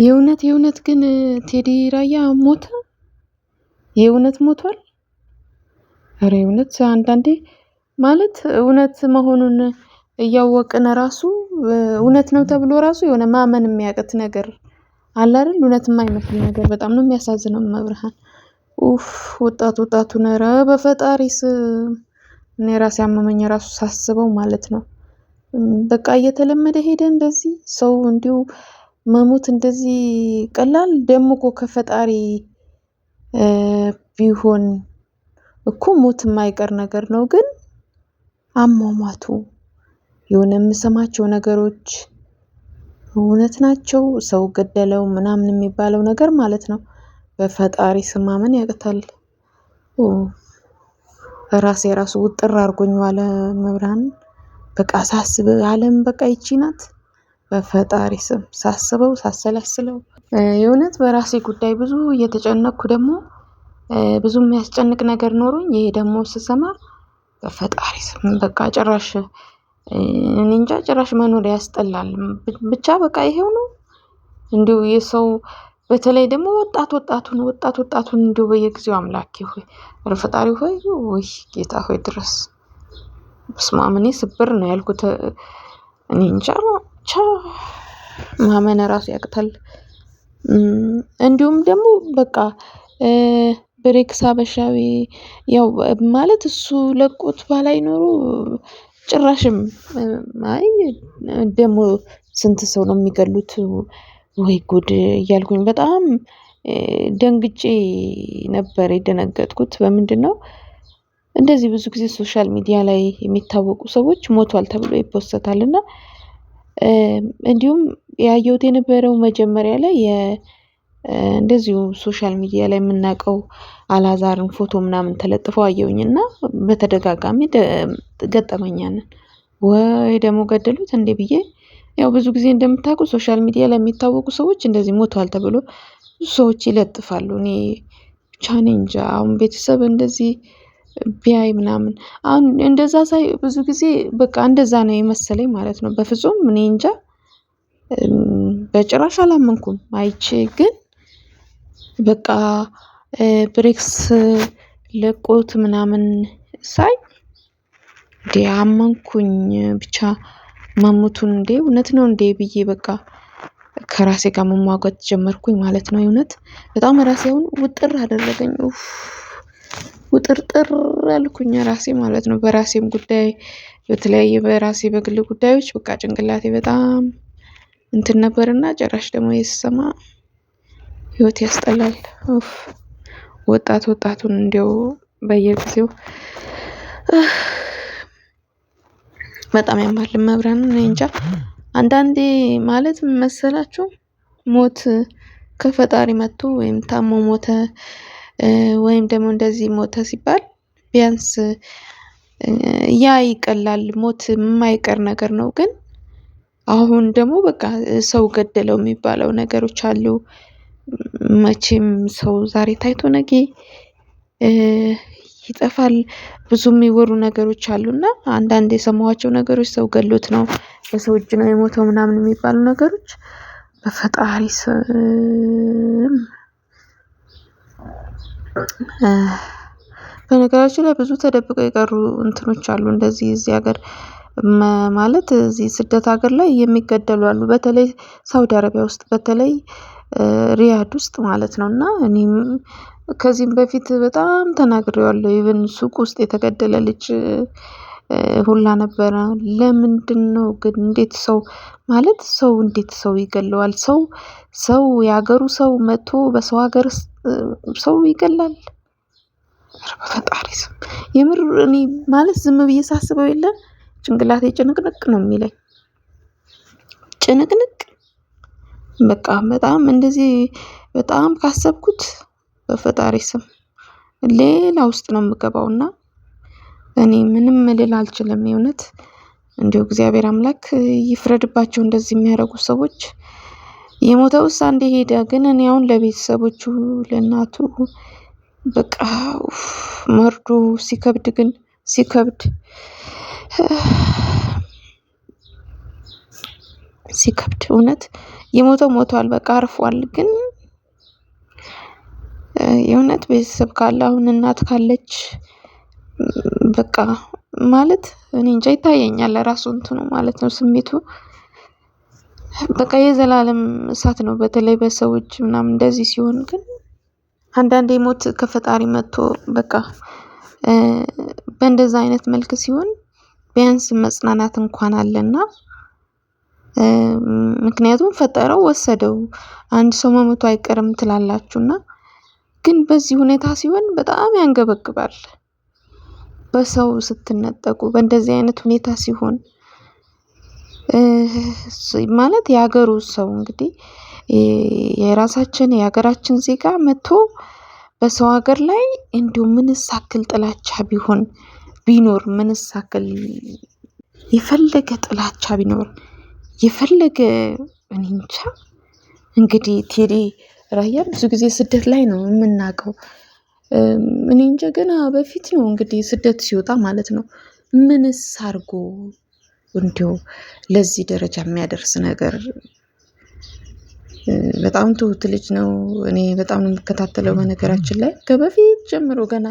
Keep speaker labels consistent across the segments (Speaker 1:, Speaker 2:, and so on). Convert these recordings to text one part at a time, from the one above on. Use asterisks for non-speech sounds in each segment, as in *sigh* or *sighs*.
Speaker 1: የእውነት የእውነት ግን ቴዲ ራያ ሞተ? የእውነት ሞቷል? ኧረ የእውነት አንዳንዴ ማለት እውነት መሆኑን እያወቅን ራሱ እውነት ነው ተብሎ ራሱ የሆነ ማመን የሚያቅት ነገር አለ አይደል? እውነት የማይመስል ነገር በጣም ነው የሚያሳዝነው። መብርሃን ኡፍ ወጣት ወጣቱ ነረ በፈጣሪስ እኔ ራሴ ያመመኝ ራሱ ሳስበው ማለት ነው። በቃ እየተለመደ ሄደ እንደዚህ ሰው እንዲሁ መሞት እንደዚህ ቀላል ደሞ እኮ ከፈጣሪ ቢሆን እኮ ሞት የማይቀር ነገር ነው። ግን አሟሟቱ የሆነ የምሰማቸው ነገሮች እውነት ናቸው። ሰው ገደለው ምናምን የሚባለው ነገር ማለት ነው። በፈጣሪ ስማምን ያቅታል። ራሴ የራሱ ውጥር አድርጎኝ ዋለ መብርሃን በቃ ሳስብ አለም በቃ ይቺ ናት። በፈጣሪ ስም ሳስበው ሳሰላስለው የእውነት በራሴ ጉዳይ ብዙ እየተጨነኩ ደግሞ ብዙ የሚያስጨንቅ ነገር ኖሮኝ ይሄ ደግሞ ስሰማ በፈጣሪ ስም በቃ ጭራሽ እኔ እንጃ ጭራሽ መኖር ያስጠላል። ብቻ በቃ ይሄው ነው እንዲሁ የሰው በተለይ ደግሞ ወጣት ወጣቱን ወጣት ወጣቱን እንዲሁ በየጊዜው አምላኬ ሆይ ኧረ ፈጣሪ ሆይ ወይ ጌታ ሆይ ድረስ ስማምኔ ስብር ነው ያልኩት። እኔ እንጃ ብቻ ማመን ራሱ ያቅታል። እንዲሁም ደግሞ በቃ ብሬክስ አበሻዊ ያው ማለት እሱ ለቆት ባላይ ኖሮ ጭራሽም አይ ደግሞ ስንት ሰው ነው የሚገሉት ወይ ጉድ እያልኩኝ በጣም ደንግጬ ነበር የደነገጥኩት። በምንድን ነው እንደዚህ ብዙ ጊዜ ሶሻል ሚዲያ ላይ የሚታወቁ ሰዎች ሞቷል ተብሎ ይፖሰታል እና እንዲሁም ያየሁት የነበረው መጀመሪያ ላይ እንደዚሁ ሶሻል ሚዲያ ላይ የምናውቀው አላዛርን ፎቶ ምናምን ተለጥፎ አየሁኝ እና በተደጋጋሚ ገጠመኝ ወይ ደግሞ ገደሉት እንዴ ብዬ ያው ብዙ ጊዜ እንደምታውቁ ሶሻል ሚዲያ ላይ የሚታወቁ ሰዎች እንደዚህ ሞተዋል ተብሎ ብዙ ሰዎች ይለጥፋሉ። እኔ ብቻ እኔ እንጃ አሁን ቤተሰብ እንደዚህ ቢያይ ምናምን አሁን እንደዛ ሳይ ብዙ ጊዜ በቃ እንደዛ ነው የመሰለኝ ማለት ነው። በፍጹም እኔ እንጃ በጭራሽ አላመንኩም። አይቼ ግን በቃ ብሬክስ ለቆት ምናምን ሳይ እንዴ አመንኩኝ ብቻ መሙቱን እንዴ እውነት ነው እንዴ ብዬ በቃ ከራሴ ጋር መሟገት ጀመርኩኝ ማለት ነው። የእውነት በጣም ራሴ አሁን ውጥር አደረገኝ። ውጥርጥር አልኩኝ ራሴ ማለት ነው። በራሴም ጉዳይ በተለያየ በራሴ በግል ጉዳዮች በቃ ጭንቅላቴ በጣም እንትን ነበርና ጭራሽ ደግሞ የተሰማ ህይወት ያስጠላል። ወጣት ወጣቱን እንዲያው በየጊዜው በጣም ያማል። መብራን እንጃ አንዳንዴ ማለት መሰላችሁ ሞት ከፈጣሪ መጥቶ ወይም ታሞ ሞተ ወይም ደግሞ እንደዚህ ሞተ ሲባል ቢያንስ ያ ይቀላል። ሞት የማይቀር ነገር ነው። ግን አሁን ደግሞ በቃ ሰው ገደለው የሚባለው ነገሮች አሉ። መቼም ሰው ዛሬ ታይቶ ነገ ይጠፋል። ብዙ የሚወሩ ነገሮች እና አንዳንድ የሰማኋቸው ነገሮች ሰው ገሎት ነው በሰው እጅ ነው የሞተው ምናምን የሚባሉ ነገሮች በፈጣሪ ስም *sighs* በነገራችን ላይ ብዙ ተደብቀው የቀሩ እንትኖች አሉ። እንደዚህ እዚህ ሀገር ማለት እዚህ ስደት ሀገር ላይ የሚገደሉ አሉ። በተለይ ሳውዲ አረቢያ ውስጥ በተለይ ሪያድ ውስጥ ማለት ነው። እና እኔም ከዚህም በፊት በጣም ተናግሬዋለሁ። ኢቨን ሱቅ ውስጥ የተገደለ ልጅ ሁላ ነበረ። ለምንድን ነው ግን እንዴት ሰው ማለት ሰው እንዴት ሰው ይገለዋል? ሰው ሰው የሀገሩ ሰው መቶ በሰው ሀገር ሰው ይገላል? በፈጣሪ ስም የምር እኔ ማለት ዝም ብዬ ሳስበው የለ ጭንቅላቴ ጭንቅንቅ ነው የሚለኝ ጭንቅንቅ በቃ በጣም እንደዚህ በጣም ካሰብኩት በፈጣሪ ስም ሌላ ውስጥ ነው እና እኔ ምንም ምልል አልችልም። የእውነት እንዲሁ እግዚአብሔር አምላክ ይፍረድባቸው እንደዚህ የሚያደርጉ ሰዎች። የሞተውስ አንዴ ሄደ። ግን እኔ አሁን ለቤተሰቦቹ ለእናቱ በቃ መርዶ ሲከብድ ግን ሲከብድ ሲከብድ እውነት የሞተው ሞቷል፣ በቃ አርፏል። ግን የእውነት ቤተሰብ ካለ አሁን እናት ካለች በቃ ማለት እኔ እንጃ ይታየኛል ራሱ እንትኑ ማለት ነው ስሜቱ በቃ የዘላለም እሳት ነው። በተለይ በሰዎች ምናምን እንደዚህ ሲሆን ግን አንዳንዴ ሞት ከፈጣሪ መጥቶ በቃ በእንደዛ አይነት መልክ ሲሆን ቢያንስ መጽናናት እንኳን አለና ምክንያቱም ፈጠረው ወሰደው፣ አንድ ሰው መሞቱ አይቀርም ትላላችሁና ግን በዚህ ሁኔታ ሲሆን በጣም ያንገበግባል። በሰው ስትነጠቁ በእንደዚህ አይነት ሁኔታ ሲሆን ማለት የሀገሩ ሰው እንግዲህ የራሳችን የሀገራችን ዜጋ መጥቶ በሰው ሀገር ላይ እንዲሁ ምንሳክል ጥላቻ ቢሆን ቢኖር ምንሳክል የፈለገ ጥላቻ ቢኖር የፈለገ እኔ እንግዲህ ቴዲ ራያ ብዙ ጊዜ ስደት ላይ ነው የምናውቀው። እኔ እንጃ ገና በፊት ነው እንግዲህ ስደት ሲወጣ ማለት ነው። ምንስ አርጎ እንዲሁ ለዚህ ደረጃ የሚያደርስ ነገር በጣም ትሁት ልጅ ነው። እኔ በጣም ነው የምከታተለው። በነገራችን ላይ ከበፊት ጀምሮ ገና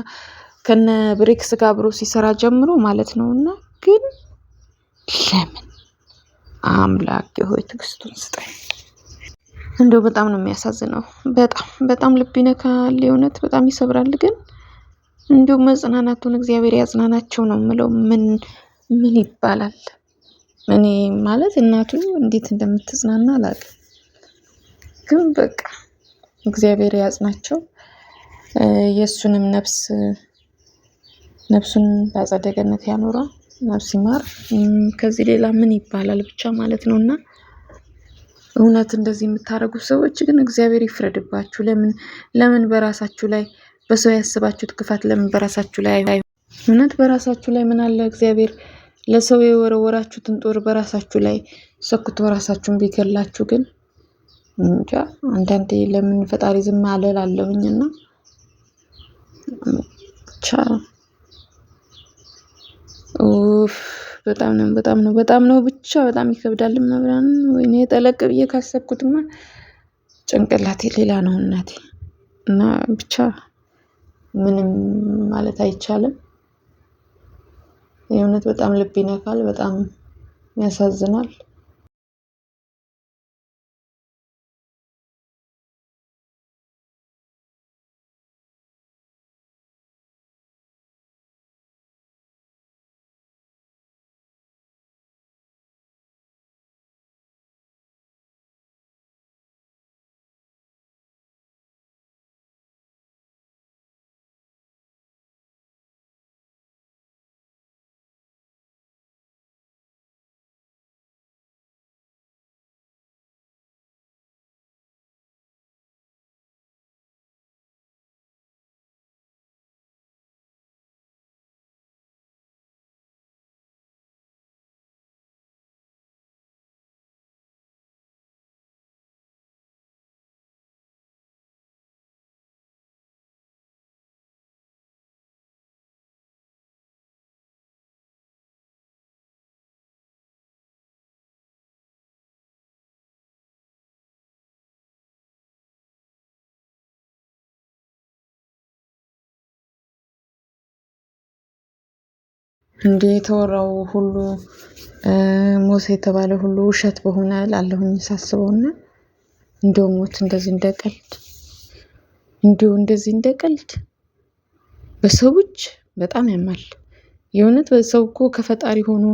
Speaker 1: ከነ ብሬክስ ጋር አብሮ ሲሰራ ጀምሮ ማለት ነው። እና ግን ለምን አምላክ ሆይ ትዕግስቱን ስጠኝ። እንደው በጣም ነው የሚያሳዝነው። በጣም በጣም ልብ ይነካል። የእውነት በጣም ይሰብራል። ግን እንዲሁ መጽናናቱን እግዚአብሔር ያጽናናቸው ነው የምለው። ምን ምን ይባላል? እኔ ማለት እናቱ እንዴት እንደምትጽናና አላውቅም። ግን በቃ እግዚአብሔር ያጽናቸው የእሱንም ነፍስ ነፍሱን በአጸደ ገነት ያኖራ ነፍስ ይማር። ከዚህ ሌላ ምን ይባላል ብቻ ማለት ነው እና እውነት እንደዚህ የምታደርጉ ሰዎች ግን እግዚአብሔር ይፍረድባችሁ። ለምን ለምን በራሳችሁ ላይ በሰው ያስባችሁት ክፋት ለምን በራሳችሁ ላይ እውነት በራሳችሁ ላይ ምን አለ እግዚአብሔር ለሰው የወረወራችሁትን ጦር በራሳችሁ ላይ ሰክቶ ራሳችሁን ቢገላችሁ ግን እንጃ። አንዳንዴ ለምን ፈጣሪ ዝም አለ እና ብቻ ኡፍ በጣም ነው በጣም ነው በጣም ነው ብቻ በጣም ይከብዳል። መብራን ወይኔ ጠለቅ ብዬ ካሰብኩትማ ጭንቅላቴ ሌላ ነው እናቴ። እና ብቻ ምንም ማለት አይቻልም። የእውነት በጣም ልብ ይነካል፣ በጣም ያሳዝናል። እንደ የተወራው ሁሉ ሞተ የተባለ ሁሉ ውሸት በሆነ እላለሁኝ ሳስበውና እንደው ሞት እንደዚህ እንደቀልድ እንዲሁ እንደዚህ እንደቀልድ በሰዎች በጣም ያማል። የእውነት በሰው እኮ ከፈጣሪ ሆኖ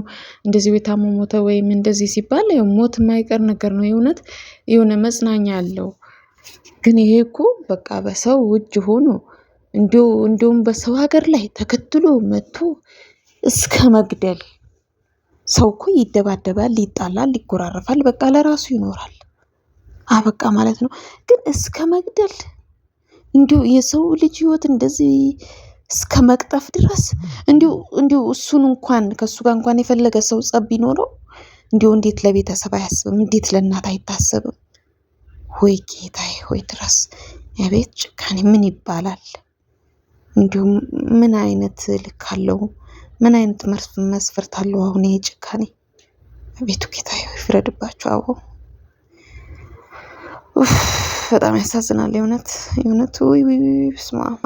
Speaker 1: እንደዚህ ቤታሞ ሞተ ወይም እንደዚህ ሲባል ሞት የማይቀር ነገር ነው። የእውነት የሆነ መጽናኛ አለው። ግን ይሄ እኮ በቃ በሰው እጅ ሆኖ እንዲሁም በሰው ሀገር ላይ ተከትሎ መጥቶ እስከ መግደል ሰው እኮ ይደባደባል፣ ሊጣላል ሊጎራረፋል በቃ ለራሱ ይኖራል። አበቃ ማለት ነው። ግን እስከ መግደል እንዲሁ የሰው ልጅ ህይወት እንደዚህ እስከ መቅጠፍ ድረስ እንዲሁ እንዲሁ እሱን እንኳን ከእሱ ጋር እንኳን የፈለገ ሰው ጸብ ቢኖረው እንዲሁ እንዴት ለቤተሰብ አያስብም? እንዴት ለእናት አይታሰብም? ወይ ጌታዬ ወይ ድረስ የቤት ጭካኔ ምን ይባላል? እንዲሁም ምን አይነት ልክ አለው? ምን አይነት መስፈርት አለው? አሁን ይሄ ጭካኔ ቤቱ ጌታ ይፍረድባቸው። አቦ በጣም ያሳዝናል። የእውነት የእውነት ውይ ውይ ውይ፣ ስማ